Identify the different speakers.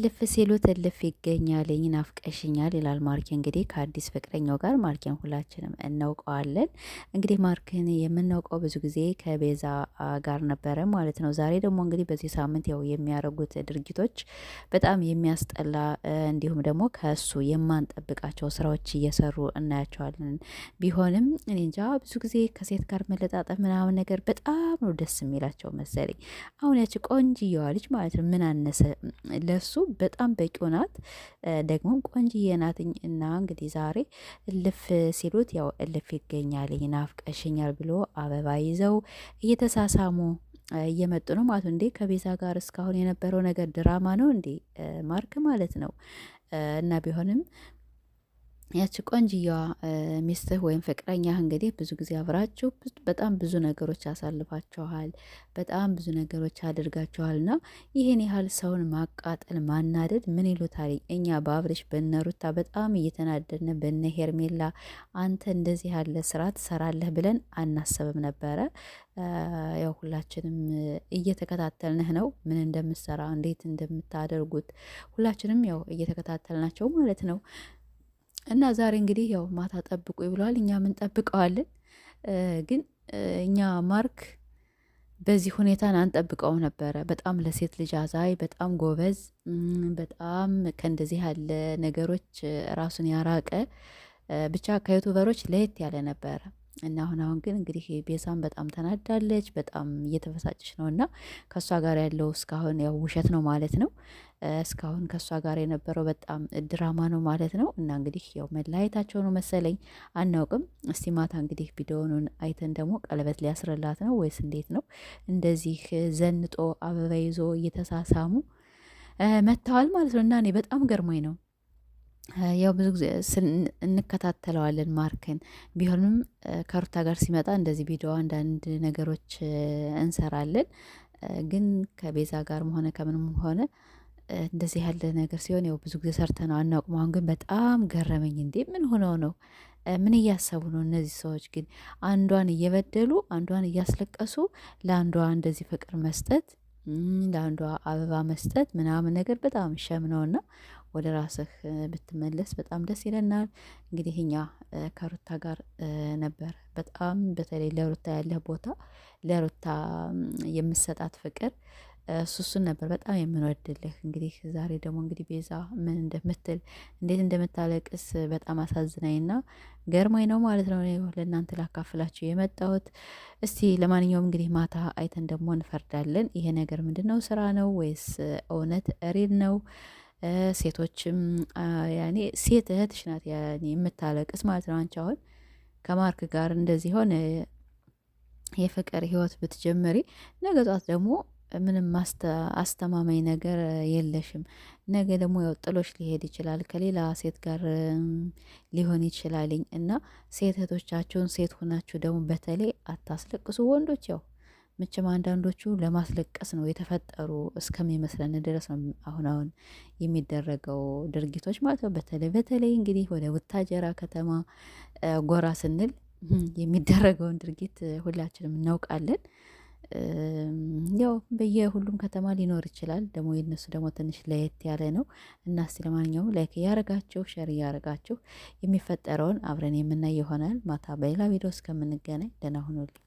Speaker 1: ልፍ ሲሉት እልፍ ይገኛልኝ ናፍቀሽኛል ይላል ማርኬ እንግዲህ ከአዲስ ፍቅረኛው ጋር ማርኬን ሁላችንም እናውቀዋለን። እንግዲህ ማርኬን የምናውቀው ብዙ ጊዜ ከቤዛ ጋር ነበረ ማለት ነው። ዛሬ ደግሞ እንግዲህ በዚህ ሳምንት ያው የሚያደርጉት ድርጊቶች በጣም የሚያስጠላ እንዲሁም ደግሞ ከሱ የማንጠብቃቸው ስራዎች እየሰሩ እናያቸዋለን። ቢሆንም እኔ እንጃ ብዙ ጊዜ ከሴት ጋር መለጣጠፍ ምናምን ነገር በጣም ነው ደስ የሚላቸው መሰለኝ። አሁን ያቺ ቆንጅየዋ ልጅ ማለት ነው ምን አነሰ ለሱ በጣም በቂው ናት። ደግሞ ቆንጅዬ ናትኝ እና እንግዲህ ዛሬ እልፍ ሲሉት ያው እልፍ ይገኛል ናፍቀሽኛል ብሎ አበባ ይዘው እየተሳሳሙ እየመጡ ነው ማለት እንዴ ከቤዛ ጋር እስካሁን የነበረው ነገር ድራማ ነው እንዴ ማርክ ማለት ነው እና ቢሆንም ያቺ ቆንጅየዋ ሚስትህ ወይም ፍቅረኛህ እንግዲህ ብዙ ጊዜ አብራችሁ በጣም ብዙ ነገሮች አሳልፋችኋል። በጣም ብዙ ነገሮች ና ይህን ያህል ሰውን ማቃጠል ማናደድ ምን ይሉታል? እኛ በአብርሽ በነሩታ በጣም እየተናደድን በነ ሄርሜላ አንተ እንደዚህ ያለ ስራ ትሰራለህ ብለን አናሰብም ነበረ። ያው ሁላችንም እየተከታተልንህ ነው፣ ምን እንደምሰራ እንዴት እንደምታደርጉት ሁላችንም ያው እየተከታተልናቸው ማለት ነው። እና ዛሬ እንግዲህ ያው ማታ ጠብቁ ብለዋል። እኛ ምን ጠብቀዋለን? ግን እኛ ማርክ በዚህ ሁኔታን አንጠብቀው ነበረ። በጣም ለሴት ልጅ አዛይ፣ በጣም ጎበዝ፣ በጣም ከእንደዚህ ያለ ነገሮች ራሱን ያራቀ ብቻ ከዩቱበሮች ለየት ያለ ነበረ። እና አሁን አሁን ግን እንግዲህ ቤዛም በጣም ተናዳለች፣ በጣም እየተበሳጨች ነው። እና ከእሷ ጋር ያለው እስካሁን ያው ውሸት ነው ማለት ነው። እስካሁን ከእሷ ጋር የነበረው በጣም ድራማ ነው ማለት ነው። እና እንግዲህ ያው መለያየታቸው ነው መሰለኝ፣ አናውቅም። እስቲ ማታ እንግዲህ ቪዲዮውን አይተን ደግሞ ቀለበት ሊያስረላት ነው ወይስ እንዴት ነው? እንደዚህ ዘንጦ አበባ ይዞ እየተሳሳሙ መጥተዋል ማለት ነው። እና እኔ በጣም ገርሞኝ ነው ያው ብዙ ጊዜ እንከታተለዋለን ማርክን። ቢሆንም ከሩታ ጋር ሲመጣ እንደዚህ ቪዲዮ አንዳንድ ነገሮች እንሰራለን። ግን ከቤዛ ጋርም ሆነ ከምንም ሆነ እንደዚህ ያለ ነገር ሲሆን ያው ብዙ ጊዜ ነው አናውቅም። አሁን ግን በጣም ገረመኝ። እንዴ ምን ሆነው ነው? ምን እያሰቡ ነው እነዚህ ሰዎች? ግን አንዷን እየበደሉ አንዷን እያስለቀሱ ለአንዷ እንደዚህ ፍቅር መስጠት ለአንዷ አበባ መስጠት ምናምን ነገር በጣም ሸም ነውና ወደ ራስህ ብትመለስ በጣም ደስ ይለናል። እንግዲህ እኛ ከሩታ ጋር ነበር። በጣም በተለይ ለሩታ ያለህ ቦታ፣ ለሩታ የምሰጣት ፍቅር እሱሱን ነበር በጣም የምንወድልህ። እንግዲህ ዛሬ ደግሞ እንግዲህ ቤዛ ምን እንደምትል እንዴት እንደምታለቅስ በጣም አሳዝናኝና ገርማኝ ነው ማለት ነው ለእናንተ ላካፍላችሁ የመጣሁት። እስቲ ለማንኛውም እንግዲህ ማታ አይተን ደግሞ እንፈርዳለን። ይሄ ነገር ምንድን ነው? ስራ ነው ወይስ እውነት ሪል ነው? ሴቶችም ያኔ ሴት እህትሽ ናት ያኔ የምታለቅስ ማለት ነው። አንቺ አሁን ከማርክ ጋር እንደዚህ ሆነ የፍቅር ህይወት ብትጀመሪ ነገ ጧት ደግሞ ምንም አስተማማኝ ነገር የለሽም። ነገ ደግሞ ያው ጥሎሽ ሊሄድ ይችላል፣ ከሌላ ሴት ጋር ሊሆን ይችላልኝ እና ሴት እህቶቻችሁን ሴት ሆናችሁ ደግሞ በተለይ አታስለቅሱ ወንዶች ያው መቼም አንዳንዶቹ ለማስለቀስ ነው የተፈጠሩ እስከሚመስለን ድረስ ነው አሁን አሁን የሚደረገው ድርጊቶች ማለት ነው። በተለይ በተለይ እንግዲህ ወደ ውታጀራ ከተማ ጎራ ስንል የሚደረገውን ድርጊት ሁላችንም እናውቃለን። ያው በየሁሉም ከተማ ሊኖር ይችላል። ደግሞ የነሱ ደግሞ ትንሽ ለየት ያለ ነው እና እስቲ ለማንኛውም ላይክ እያረጋችሁ ሸር እያረጋችሁ የሚፈጠረውን አብረን የምናይ ይሆናል። ማታ በሌላ ቪዲዮ እስከምንገናኝ ደህና ሁኑልኝ።